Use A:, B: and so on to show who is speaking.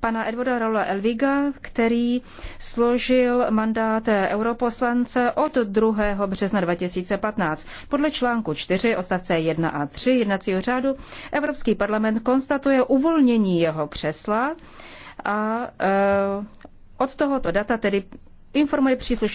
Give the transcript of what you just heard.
A: pana Edwarda Raula Elviga, který složil mandát europoslance od 2. března 2015. Podle článku 4 odstavce 1 a 3 jednacího řádu Evropský parlament konstatuje uvolnění jeho křesla a e, od tohoto data tedy informuje příslušné.